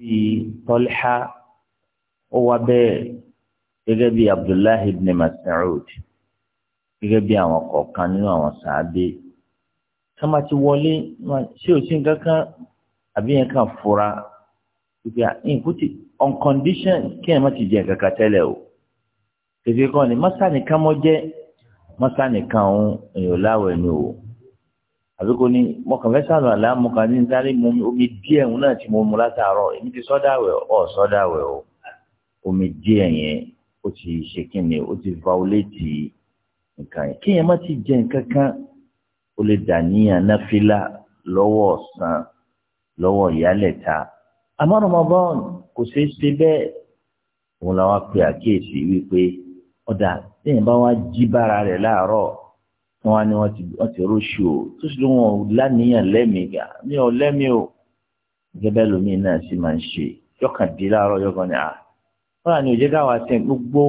sí Tọ́lá ó wá bẹ́ẹ̀ gẹ́gẹ́ bí Abdullahi ibn Mas'ud gẹ́gẹ́ bí àwọn kọ̀ọ̀kan nínú àwọn sàábé ká má ti wọlé ṣé o ṣe nǹkan kan àbí yẹn kàn fura ìgbà ìkúti on condition kí ẹ̀ má ti jẹ kankan tẹ́lẹ̀ o kèké kan ní mọ́sá nìkan mọ́ jẹ́ mọ́sá nìkan òun èèyàn láwọ̀ ẹni o. àbí kò ní mo kàn fẹ́ àlá mo kàn omi díẹ̀ ń náà ti mo mu látàárọ̀ èmi ti sọ́dà wẹ̀ ọ́ sọ́dà omi díẹ̀ yẹn ó ti ṣe o ó ti vaolétì nǹkan yẹn kí má ti jẹ nǹkan kan ó lè dà ní náfìlà lọ́wọ́ ọ̀sán lọ́wọ́ ìyálẹ̀ta àmọ́ kò ṣeé ṣe bẹ́ẹ̀ òun làwọn pe wọn wá ní wọn ti wọn ti róṣù o tó sì lóun ò láníyàn lẹ́mìí gà ní ọ lẹ́mìí o gẹ́gẹ́ lómi náà sì máa ń ṣe yọkàn dé láàárọ̀ yọkàn ní à wọn àní òjẹ́ káwọn àti gbogbo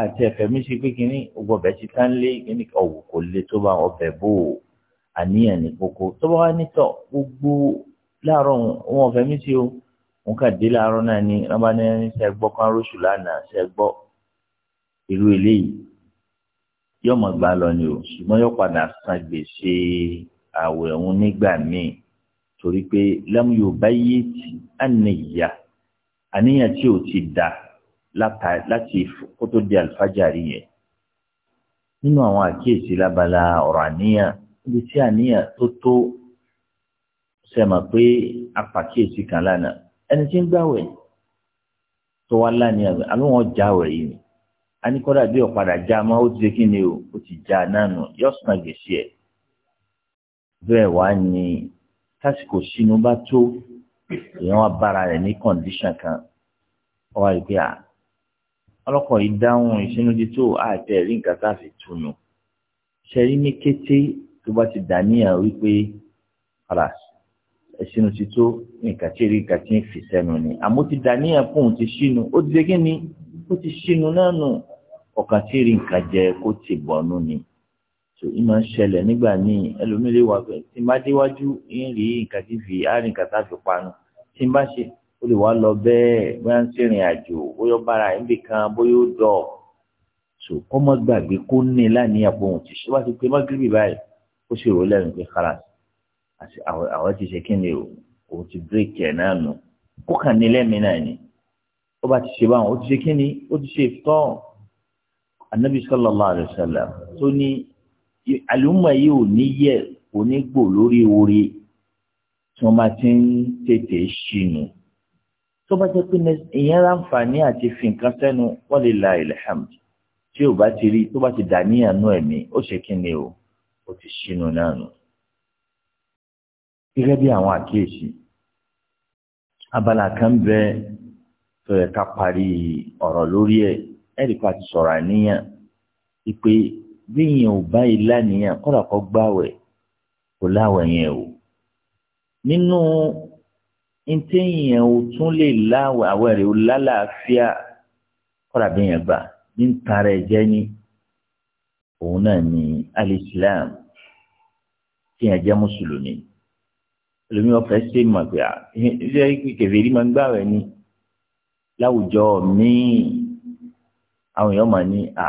àti ẹ̀fẹ̀ mi ṣe pé kínní gbogbo ọbẹ̀ ti tán lé kínní ọ̀wọ̀ kò le tó bá ọbẹ̀ bò ó àníyàn ní kókó tó bá wá nítọ̀ gbogbo láàárọ̀ wọn ọ̀fẹ́ mi ṣe o wọn kà dé láàárọ̀ náà ní wọn bá ní sẹ́gbọ́ kan róṣù lánàá sẹ́gbọ́ irú eléyìí yóò mọ̀ gbà lọ ni o ṣùgbọ́n yóò padà san gbèsè àwẹ̀ òun nígbà míì torí pé lẹ́mu yóò bá yé ti àníyà àníyàn tí ò ti da láti kó tó di àlùfájàrí yẹn nínú àwọn àkíyèsí lábala ọ̀rọ̀ àníyàn ibi tí àníyàn tó tó sẹ́mọ̀ pé apàkíyèsí kan lánàá ẹni tí ń gbàwẹ̀ tó wá lánìyàn àbí wọn jáwẹ̀ yìí ni a ní kọ́dà bí ọ̀padà já a máa ó ti ṣe kí ni o ó ti já a náà nù yóò san gbèsè ẹ̀ bẹ́ẹ̀ wá ní tásìkò sínú bá tó èèyàn wá bára rẹ̀ ní kọ̀ǹdíṣàn kan ọwọ́ àìpé à ọlọ́kọ̀ yìí dáhùn ìṣínúdí tó àìpẹ́ rí nǹkan tá a fi túnu ṣẹ́rí ní kété tó bá ti dàníyàn wípé kàlá ẹ̀sìnú ti tó nǹkan tí èrè nǹkan tí ń fi sẹ́nu ni àmọ́ ti dàníyàn fún òun ti ṣínu ó ti ṣe kí ni ó ti ṣínu náà nù ọkàn tí rí nǹkan jẹ kó tì bọ́nú ni tó ìmọ̀ ń ṣẹlẹ̀ nígbà míì ẹlòmílẹ̀ wà pé tí n bá déwájú ń rí nǹkan tí fi àárín nǹkan tá a fi panu tí n bá ṣe ó lè wá lọ bẹ́ẹ̀ bóyá ń ṣèrìn àjò bóyá bára ẹ̀ kan bóyá ó dọ̀ tó kọ́ mọ́ gbàgbé kó ní láníyàn pé òun ti wá sí pé mọ́gírì báyìí ó sì rò lẹ́nu pé kára àwọn ti ṣe kí ni o òun ti bírèkì ẹ̀ náà nù kó kàn ní lẹ́mìí náà ni ó bá ti ṣe báwọn ó ti ṣe kí ni ó ti ṣe tán anabi sallallahu alayhi wa sallam tó ní àlùmọ̀ yìí ò ní yẹ kò ní gbò lórí orí tí wọ́n bá ti ń tètè ṣìnù tó bá jẹ́ pé ìyẹn láǹfààní àti fi nǹkan sẹ́nu walillahi alhamd tí ò bá ti rí tó bá ti dà níyànú ẹ̀mí ó ṣe kí ni o ó ti ṣìnù náà nù. gẹ́gẹ́ bí àwọn àkíyèsí abala kan bẹ tó yẹ ká parí ọ̀rọ̀ lórí ẹ̀ ẹ̀rí pa ti sọ̀rọ̀ àníyàn ìpè bíyìn ò báyìí láníyàn kọ́dà kọ́ gbàwẹ̀ kò láwẹ̀ yẹn o nínú ntẹ́yìn ò tún lè láwẹ̀ àwẹ̀ rẹ̀ ò lálàáfíà kọ́dà bíyìn gbà ní ntara ẹ̀ jẹ́ ní òun náà ní alìsílám tí yẹn jẹ́ mùsùlùmí lómi ọ̀fẹ́ ṣe mọ̀ pé à ṣe kẹfẹ́ rí máa ń ni láwùjọ míì àwọn èèyàn máa ní à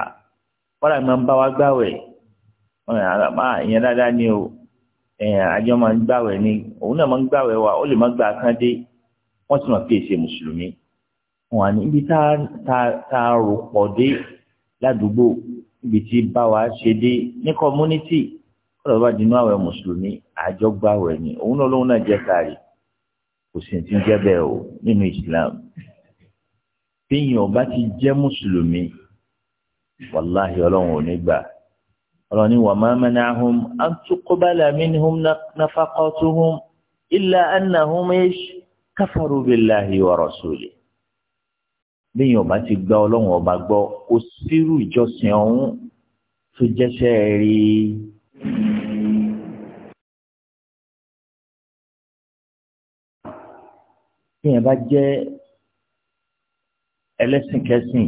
kọ́lá máa ń bá wa gbàwẹ̀ ìyẹn dáadáa ni o àjọ máa ń gbàwẹ̀ ni òun náà máa ń gbàwẹ̀ wa ó lè má gbà kán dé wọ́n sì máa fi èsè mùsùlùmí wọn à ní ibi tá a rò pọ̀ dé ládùúgbò ibi tí bá wa ṣe dé ní community kọ́lá bá dinú àwẹ̀ mùsùlùmí àjọ gbàwẹ̀ ni òun náà lóun náà jẹ́ káàrí kò sì ti ń jẹ́ bẹ́ẹ̀ o nínú Islam téèyàn ọba ti jẹ́ mùsùlùmí wàláhì ọlọ́run ò ní gbà ọlọ́run ni wa ma mana'ahum an tuqbala minhum nafaqatuhum illa annahum kafaru billahi wa rasuli bẹ́ẹ̀ ọba ti gba ọlọ́run ọba gbọ́ kò sírù ìjọsìn ọ̀hún tó jẹ́sẹ̀ rí i. bá jẹ́ ẹlẹ́sìnkẹ́sìn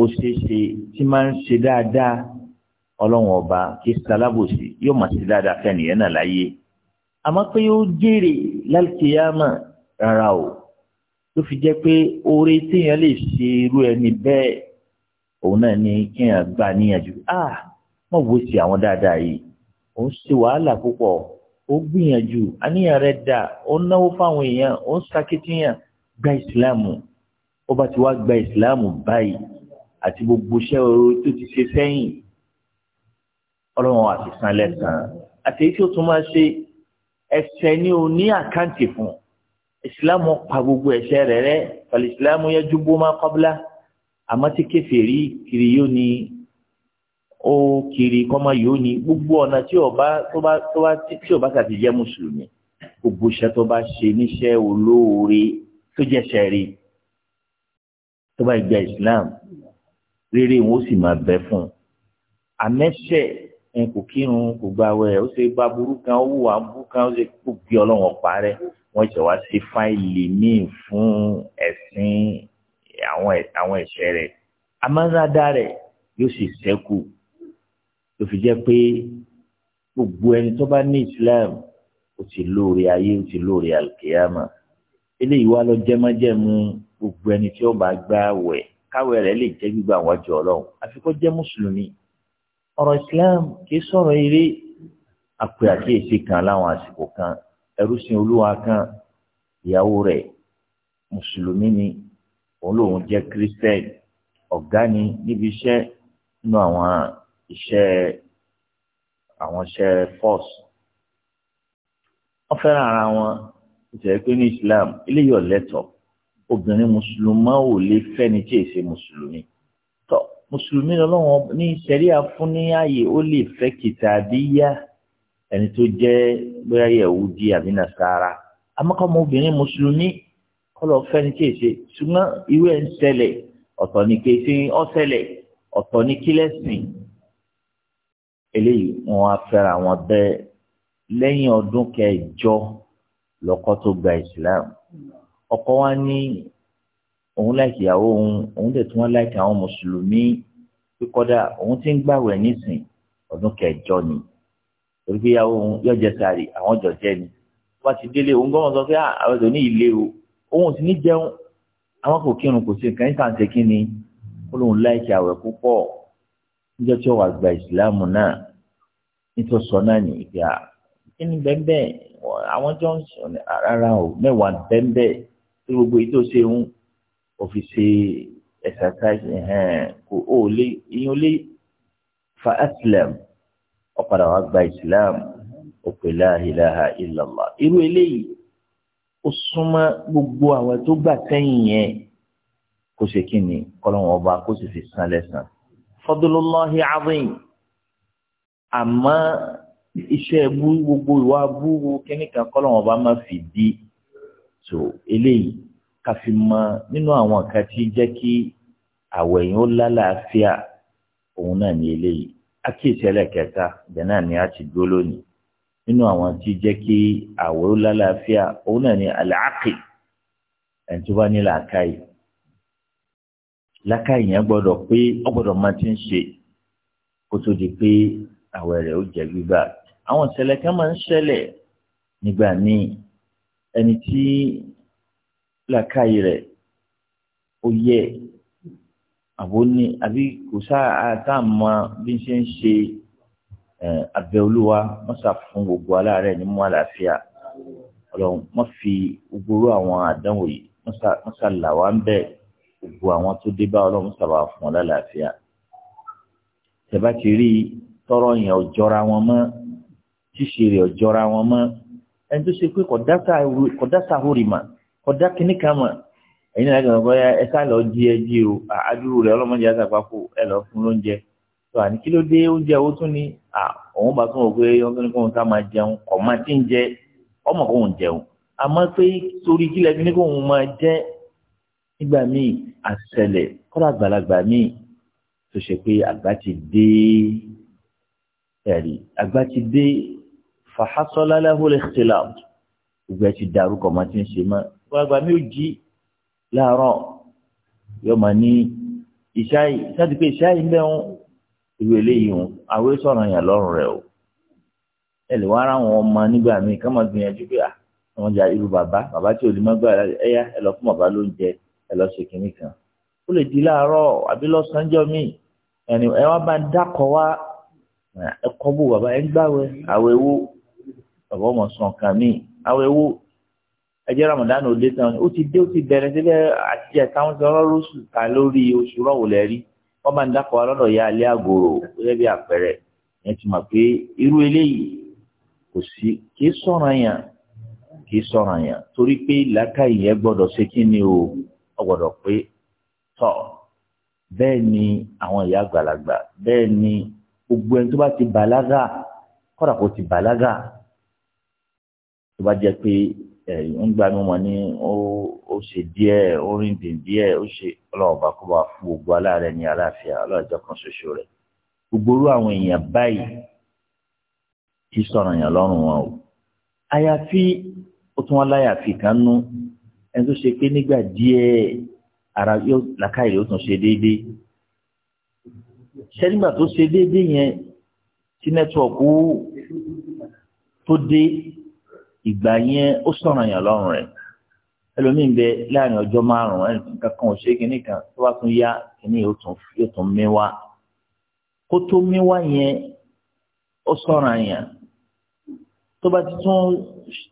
ó ṣeé ṣe tí máa ń ṣe dáadáa ọlọ́run ọba kí sálábòsì yóò máa ṣe dáadáa fẹ́nìyẹn náà láyé àmọ́ pé ó jèrè lálùkìyàmà rárá o ló fi jẹ́ pé oore téèyàn lè ṣe irú ẹni bẹ́ẹ̀ òun náà ni kéèyàn gbà níyànjú ah wọ́n wo sí àwọn dáadáa yìí ó ń ṣe wàhálà púpọ̀ ó gbìyànjú àníyàn rẹ̀ dà ó náwó fáwọn èèyàn ó ń sakitiyan gba ìsìláàmù ó bá ti wá gba ìsìláàmù báyìí àti gbogbo iṣẹ́ oró tó ti ṣe sẹ́yìn ọlọ́run àti sanlẹ̀ sàn àti èyí tí ó tún máa ṣe ẹsẹ̀ ní o ní àkáǹtì fún ìsìláàmù pa gbogbo ẹ̀ṣẹ̀ rẹ̀ rẹ́ pẹ̀lú ìsìláàmù yẹn júbó máa kọ́bílá àmọ́ tí kèfèrí kiri yóò ní ó kiri kọ́mọ yóò ní gbogbo ọ̀nà tí ọba tó bá tó bá tí ọba kàti jẹ́ mùsùlùmí gbogbo iṣẹ́ tó bá ṣe níṣẹ́ olóore tó jẹ́ ṣẹ̀rí tó bá gba islam rere wọn ó sì máa bẹ fún un àmẹ́sẹ̀ ẹ kò kírun kò gbààwẹ̀ ó ṣe bá burú kan ó wùwà burú kan ó ṣe kó gbé ọlọ́run ọ̀pá rẹ wọ́n ṣe wá sí fáìlì míì fún ẹ̀sìn àwọn ẹ̀ṣẹ̀ rẹ̀ amánádá rẹ̀ yóò sì ṣẹ́kù ló fi jẹ́ pé gbogbo ẹni tó bá ní islam ó ti lóore ayé ó ti lóore alkiyama eléyìí wá lọ jẹmọjẹmu gbogbo ẹni tí ó bá gbà wẹ̀ káwẹ̀ rẹ̀ lè jẹ́ gbígbà wájú ọlọ́run àfi kó jẹ́ mùsùlùmí ọ̀rọ̀ islam kì í sọ̀rọ̀ eré àpè àkíyèsí kan láwọn àsìkò kan ẹrúsìn olúwa kan ìyàwó rẹ̀ mùsùlùmí ni òun lòun jẹ́ kírísítẹ́nì ọ̀gá ni níbi iṣẹ́ nínú àwọn iṣẹ́ àwọn iṣẹ́ force wọ́n fẹ́ràn ara wọn ìtẹ̀wé pé ní islam eléyìí ọ̀lẹ́tọ̀ọ́ obìnrin mùsùlùmá ò lè fẹ́ni tí èsè mùsùlùmí tọ́ mùsùlùmí lọ́wọ́n ní sẹ́ríà fún ní ààyè ó lè fẹ́ kìtàbíyà ẹni tó jẹ́ bóyá yẹ̀wúdí àbí nàṣàrà amákọ́mọ obìnrin mùsùlùmí kọ́lọ̀ fẹ́ni tí èsè ṣùgbọ́n irú ẹ̀ ń ṣẹlẹ̀ ọ̀tọ̀ ní kéṣe ó ṣẹlẹ̀ ọ̀tọ̀ ní kílẹ̀sìn eléyìí wọn á fẹ́ra wọn bẹ́ẹ̀ lẹ́yìn ọdún kẹjọ lọ́kọ tó gba ìsìláàmù ọkọ wa ní òun láìkí ìyàwó òun òun dẹ̀ tí wọ́n láìkí àwọn mùsùlùmí pé kọ́dà òun ti ń gbàwẹ̀ nísìn ọdún kẹjọ ni torí pé ìyàwó òun yóò jẹ sààrì àwọn jọ jẹ ni wọ́n ti délé òun gbọ́n sọ pé ah, àwọn ètò ní ilé o òun sì ní jẹun àwọn kò kírun kò sí nǹkan ìtàn ṣe kí ni ó lóun láìkí àwẹ̀ púpọ̀ níjọ́ tí wàá gba ìsìláàmù náà nítorí sọ náà ní ìgbà ah, kí ni bẹ́ẹ̀ bẹ́ẹ̀ àwọn jọ ń sọ rárá o mẹ́wàá bẹ́ẹ̀ bẹ́ẹ̀ tí gbogbo yìí tó ṣe ń òfin ṣe exercise kò ó lé ìyẹn lé fa islam ọ̀padà wa gba islam òpè la ilaha illallah irú eléyìí ó súnmọ́ gbogbo àwọn tó gbà sẹ́yìn yẹn kó ṣe kí ni kọ́lọ́wọ́n ọba kó sì fi san lẹ́sàn fadlullahi azim àmọ́ iṣẹ́ gbogbo ìwà bú kíníkan kọ́lọ́wọ́n ọba má fi di so eléyìí ká fi mọ nínú àwọn kan tí jẹ́ kí àwọ̀ ẹ̀yìn ó lálàáfíà òun náà ní eléyìí àkíyèsí ẹlẹ́kẹta ìgbà náà ni a ti dúró lónìí nínú àwọn tí jẹ́ kí àwọ̀ ó lálàáfíà òun náà ni àlàákì ẹni tó bá ní làákàyè làákàyè yẹn gbọ́dọ̀ pé ó gbọ́dọ̀ máa ti ń ṣe kó tó di pé àwọ̀ rẹ̀ ó jẹ́ gbígbà àwọn ìṣẹ̀lẹ̀ kan máa ń ṣẹlẹ̀ nígbà míì ẹni tí làkàyè rẹ̀ ó yẹ àbò ní àbí kò sáà tá a mọ bí n ṣe ń ṣe abẹ olúwa wọn sà fún gbogbo aláàárẹ̀ ní mú àlàáfíà Ọlọ́run wọn fi gbogbo àwọn àdánwò yìí wọn sà là wá ń bẹ gbogbo àwọn tó dé bá Ọlọ́run sàbà fún ọ lálàáfíà tọrọ yẹn ọjọra wọn mọ ṣíṣe rẹ̀ ọjọra wọn mọ ẹni tó ṣe pé kọ̀dá sahori mà kọ̀dá kìíní kan mà ẹ̀yin náà gbàgbọ́ ya ẹ ká lọ jí ẹ jí o àdúró rẹ ọlọ́mọdé yàtọ̀ àpapọ̀ ẹ lọ fún lóúnjẹ tó àní kí ló dé oúnjẹ owó tún ni òun bá tún wọ pé ọdún ní kóun ká máa jẹun ọmọ tí ń jẹ ọmọ kóun jẹun àmọ́ pé torí kílẹ̀ bí ní máa jẹ nígbà míì àṣẹlẹ̀ kọ́lá àgbàlagbà míì tó ṣe pé àgbà ti dé ẹ̀rí àgbà ti dé fàhásọ́lá lẹ́hùn ikhtilaf gbogbo ẹ̀ ti dàrú kọ̀ máa ti ń ṣe mọ́ gbàgbà mi ò jí láàárọ̀ yóò máa ní ìṣáì sáti pé ìṣáì ń bẹ́hùn irú eléyìí hùn àwọn sọ̀rọ̀ yàn lọ́rùn rẹ̀ o ẹ lè wá ara wọn ọmọ nígbà míì ká máa gbìyànjú pé à ah, wọn jà irú bàbá bàbá tí olùmọ gbà ẹyà ẹ lọ fún bàbá lóúnjẹ ẹ lọ ṣe kínní kan ó lè di láàárọ̀ àbí lọ́sànjọ́ míì ẹni ẹ wá bá dákọ̀ wá ẹ kọ́ bó bàbá ẹ ń gbàwẹ̀ àwẹ̀ wo bàbá ọmọ sàn kàn mí àwọn ewu ẹjẹ ramadan ò dé tán ó ti dé ó ti bẹ̀rẹ̀ síbẹ̀ àti ẹ̀káwọn ti ọlọ́rọ̀ oṣù ta lórí oṣù rọ̀wò lẹ́rí wọ́n máa ń dákọ̀ ọlọ́dọ̀ ya alẹ́ àgòrò gẹ́gẹ́ bí àpẹẹrẹ ẹ̀ ti mọ̀ pé irú eléyìí kò sí kì í sọ̀rọ̀ yàn kì í sọ̀rọ̀ yàn torí pé làákàyè yẹn gbọ́dọ̀ ṣe kí ni o ọ gbọ́dọ̀ pé tọ̀ bẹ́ẹ̀ ni àwọn ìyá àgbàlagbà bẹ́ẹ̀ ni gbogbo ẹni tó bá ti bàlágà kọ́dà kò ti bàlágà tó bá jẹ́ pé ń gba mi wọn ní ó ṣe díẹ̀ ó rìn dìn díẹ̀ ó ṣe ọlọ́ọ̀bá kó bá fún gbogbo aláàárẹ̀ ní aláàfíà ọlọ́ọ̀jọ́ kan ṣoṣo rẹ̀ gbogbo orú àwọn èèyàn báyìí kì í sọ̀rọ̀ yàn lọ́rùn wọn o àyàfi ó tún wọn láyàfi kan nú ẹni tó ṣe pé nígbà díẹ̀ ara yóò làkàyè yóò tún ṣe déédéé ṣé nígbà tó ṣe déédéé yẹn tí nẹ́tíwọ̀kù tó dé ìgbà yẹn ó sọ̀rọ̀ yàn lọ́rùn rẹ̀ ẹlòmíín bẹ láàrin ọjọ́ márùn-ún ẹnìkan kankan ò ṣe kínní kan tó bá tún yá kínní yóò tún mí wá kó tó mí wá yẹn ó sọ̀rọ̀ yàn tó bá ti tún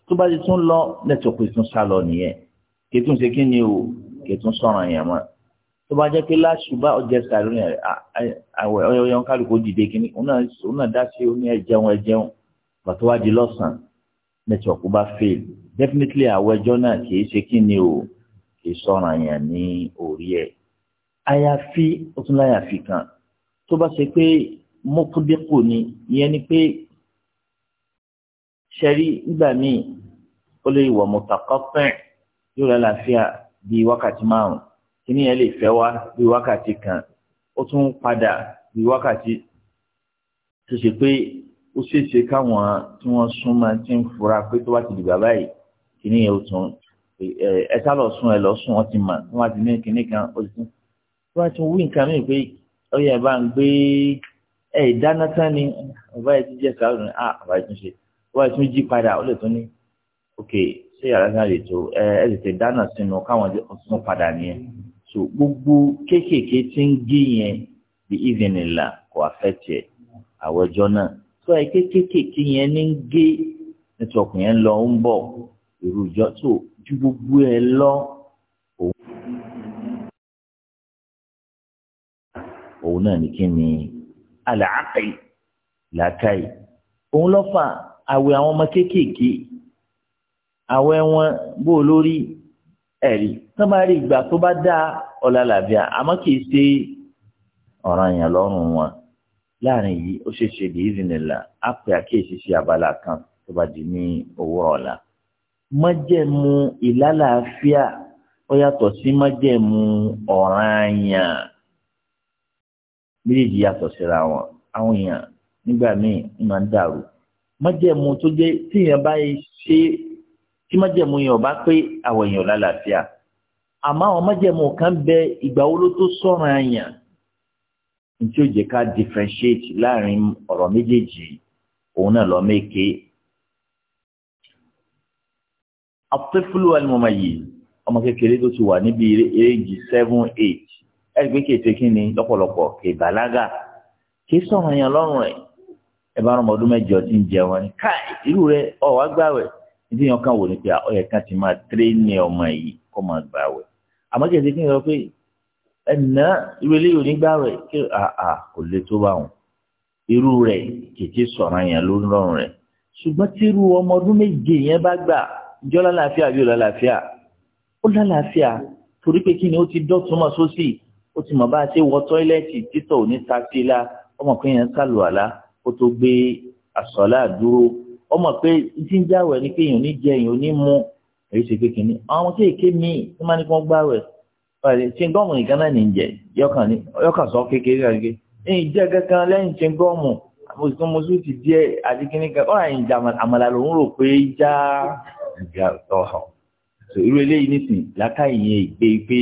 tó bá ti tún lọ nẹ́tọ̀kì tún sá lọ nìyẹn kì í tún ṣe kínní o kì í tún sọ̀rọ̀ yàn mọ́ tó bá jẹ́ pé láṣùbá ọjọ́ sàlùmí àwẹ̀ ọyọ̀yọ̀ kálukú dìde kínní òun náà dá sí oní ẹ̀jẹun ẹ̀jẹun bàtọ́ wá di lọ́sàn-án network bá fail definitely àwọn ẹjọ́ náà kì í ṣe kí ni o kì í sọ̀ràn yẹn ní orí ẹ̀ àyàfi ó tún láyàfi kan tó bá ṣe pé mọ́kúndínkù ni ìyẹn ni pé ṣẹ́rí nígbà míì ó lè wọ̀ mọ̀tàkọ́ pẹ́ẹ́n yóò rẹ̀ láàfíà bíi wákàtí márùn-ún kíní yẹn lè fẹ́ wá bíi wákàtí kan ó tún padà bíi wákàtí tó ṣe pé ó ṣeéṣe káwọn tí wọ́n súnmọ́ ti ń fura pé tó bá ti dìgbà báyìí kìíní yẹn ó tún ẹ sá lọ sùn ẹ lọ sùn wọ́n ti mọ̀ tí wọ́n ti ní kìíní kan ó ti tún tí wọ́n ti wí nǹkan mìíràn pé ọyọ ẹ bá ń gbé ẹ ìdáná tán ni ọba yẹn ti jẹ sàrò ní à ah, ọba yẹn tún ṣe ọba yẹn tún jí padà ó lè tún ní ok ṣé yàrá náà lè tó ẹ ẹ lè tẹ dáná sínú káwọn tún padà nìyẹn so gbogbo kéékèèké ti ń gé yẹn bí ìvìnìlà kò àfẹ́ tiẹ̀ àwọjọ sọ èké kéékèèké yẹn ní ń gé network yẹn lọ ń bọ̀ èrò ìjọ tó ju gbogbo ẹ lọ òun. òun náà ní kí ni àlàáfẹ́ làákàyè òun ló fà àwẹ̀ àwọn ọmọ kéékèèké àwẹ̀ wọn bó lórí ẹ̀rí tó bá rí ìgbà tó bá dá ọ̀la àmọ́ kì í ṣe ọ̀ranyàn lọ́rùn wọn láàrin yìí ó ṣe ṣe dèézì nìlà á pè àkíyèsí sí abala kan tó bá di ní òwúrọ̀ ọ̀la. májẹ̀mú ìlàlàáfíà ó yàtọ̀ sí májẹ̀mú ọ̀ranyàn méjèèjì yàtọ̀ síra wọn àwọn èèyàn nígbà míì ń máa ń dàrú májẹ̀mú tó jẹ́ tí èèyàn bá ṣe tí májẹ̀mú yẹn ò bá pé àwọn èèyàn lálàáfíà àmọ́ àwọn májẹ̀mú kan bẹ ìgbà wo ló tó sọ̀ranyàn tí ó jẹ́ ká differentiate láàrin ọ̀rọ̀ méjèèjì òun náà lọ méke. àpẹfúlù alimọ̀mọ̀ yìí ọmọ kékeré tó ti wà níbi age seven eight ẹ̀rí pé kéèké kí ni lọ́pọ̀lọpọ̀ kè bàlágà kì í sọ̀rọ̀ yẹn lọ́rùn ẹ̀ ẹ bá ọmọ ọdún mẹ́jọ tí ń jẹun ni ká irú rẹ ọ wá gbàwẹ̀ nítorí yẹn kan wò ní pé ọ ah, yẹ ká ti máa tẹ́lẹ̀ ní ọmọ yìí kó máa gbàwẹ̀ àmọ́ kéèké kí ni lọ pé ẹnà irú eléyìí onígbàwẹ̀ kí a kò lè tó bá wọn irú rẹ̀ kìkì sọ̀rọ̀ yẹn ló ń rọrùn rẹ̀ ṣùgbọ́n tí irú ọmọ ọdún méje yẹn bá gbà jọ lálàáfíà yóò lálàáfíà ó lálàáfíà torí pé kí ni ó ti dọ́tún mọ́ sósì ó ti mọ̀ bá a ṣe wọ tọ́ílẹ́ẹ̀tì títọ̀ òní ta sí i la ọmọ pé yẹn ń àlá ó tó gbé àsọ̀lá dúró ọmọ pé tí ń jáwẹ̀ ni pé èèyàn ò ní jẹ èèyàn ò ní mu èyí ṣe pé kìíní àwọn kéèké míì tó máa ní kí wọ́n gbáwẹ̀ báyìí chingọ́ọ̀mù nìkan náà nìjẹ yọkàn sọ kékeré àgbẹ̀ ẹ̀yìn jẹ́ kankan lẹ́yìn chingọ́ọ̀mù mùsùlùmí mùsùlùmí ti díẹ̀ àdìkíní kan ọ̀rọ̀ àyìn àmàlà lòún rò pé já ọ̀họ̀ irú eléyìí nìsín làákàyè ìgbé pé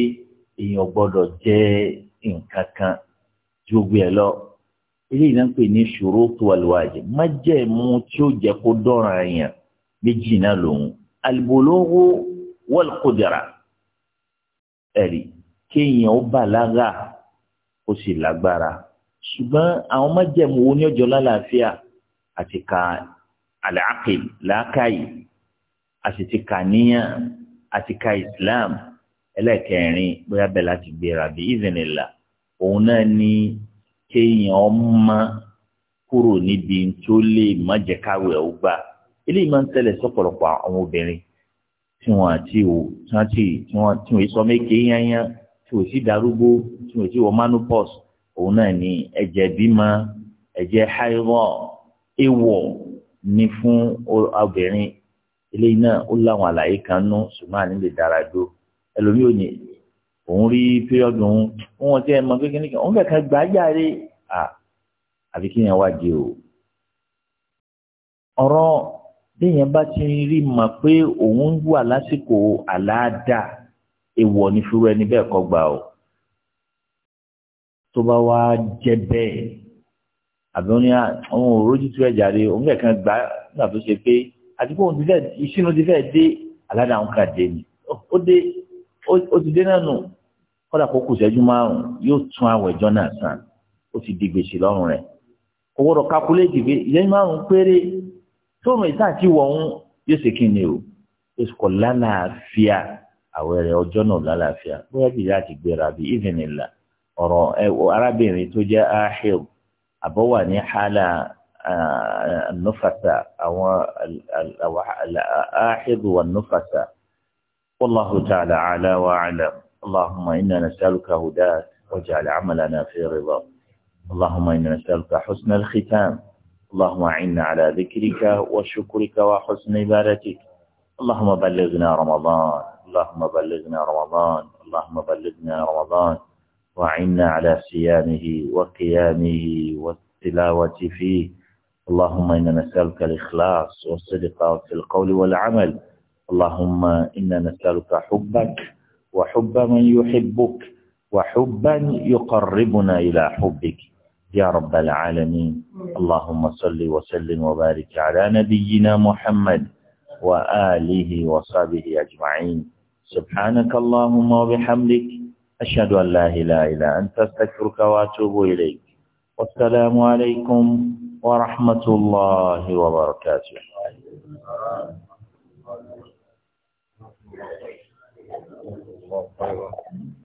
èèyàn gbọ́dọ̀ jẹ́ nǹkan kan ju gbé ẹ lọ eléyìí náà ń pè ní ṣurutu al-wajib májẹ̀mú tí ó jẹ́ kó dọ́ràn yẹn méjì náà lòun al-bulughu ẹ̀rí kéèyàn ó bàlágà ó sì lágbára ṣùgbọ́n àwọn májẹ̀mú wo ní ọjọ́ lálàáfíà àti ka àlàáké làákàyè àti ti kà níyàn ka islam ẹlẹ́kẹ̀rin bóyá bẹ́ẹ̀ láti gbéra bí ìzìnlélà òun náà ní kéèyàn ó mọ kúrò níbi tó lè má jẹ́ káwé ọgbà eléyìí máa ń sọ́pọ̀lọpọ̀ àwọn tí wọn àti ò tí wọn ti tí wọn tí wọn sọ méje yányán tí wọn sì darúgbó tí wọn sì wọ manopause òun náà ni ẹ̀jẹ̀ bímọ ẹ̀jẹ̀ hairọ ewọ ní fún obìnrin eléyìí náà ó láwọn àlàyé kan nú ṣùgbọ́n àní lè dára dó ẹlòmíì ò ní òun rí píríọ̀dù òun wọn ti ẹ̀ mọ kékeré kan òun kẹ̀kẹ́ gbà á jáde àbí kí yẹn wá di o ọ̀rọ̀ béèyàn bá ti rí mọ̀ pé òun wà lásìkò àláàdá èèwọ̀ ní fúru ẹni bẹ́ẹ̀ kọ́ gbà o tó bá wá jẹ́ bẹ́ẹ̀ àbí wọn ní àwọn òrójú tó ẹ̀jà rè òun kẹ̀kan gbà nígbà tó ṣe pé àti pé òun ti fẹ́ ìṣínú ti fẹ́ dé àláàdá òun kà dé ni ó dé ó ti dé náà nù kó kù sẹ́jú márùn yóò tún àwọ̀ ẹ̀jọ́ náà sàn ó ti di gbèsè lọ́rùn rẹ̀ owó rọ̀ kákúlé ìdìbò ìyẹn márùn péré tóun ìta àti wọ̀n yóò ṣe kí ni o yóò ṣe kọ́ lálàáfíà àwẹ̀ rẹ̀ ọjọ́ náà lálàáfíà bóyá bí ìyá ti gbéra bí ìdìnnìlà ọ̀rọ̀ arábìnrin tó jẹ́ ahil àbọ̀wà ní hálà nufasa àwọn ahil wà nufasa wallahu ta'ala ala wa alam allahumma inna nasaluka hudat waj'al amalana fi rida allahumma inna nasaluka husnal khitam. اللهم أعنا على ذكرك وشكرك وحسن عبادتك اللهم بلغنا رمضان اللهم بلغنا رمضان اللهم بلغنا رمضان وعنا على صيامه وقيامه والتلاوة فيه اللهم إنا نسألك الإخلاص والصدق في القول والعمل اللهم إنا نسألك حبك وحب من يحبك وحبا يقربنا إلى حبك يا رب العالمين اللهم صل وسلم وبارك على نبينا محمد وآله وصحبه أجمعين سبحانك اللهم وبحمدك أشهد أن لا إله إلا أنت أستغفرك وأتوب إليك والسلام عليكم ورحمة الله وبركاته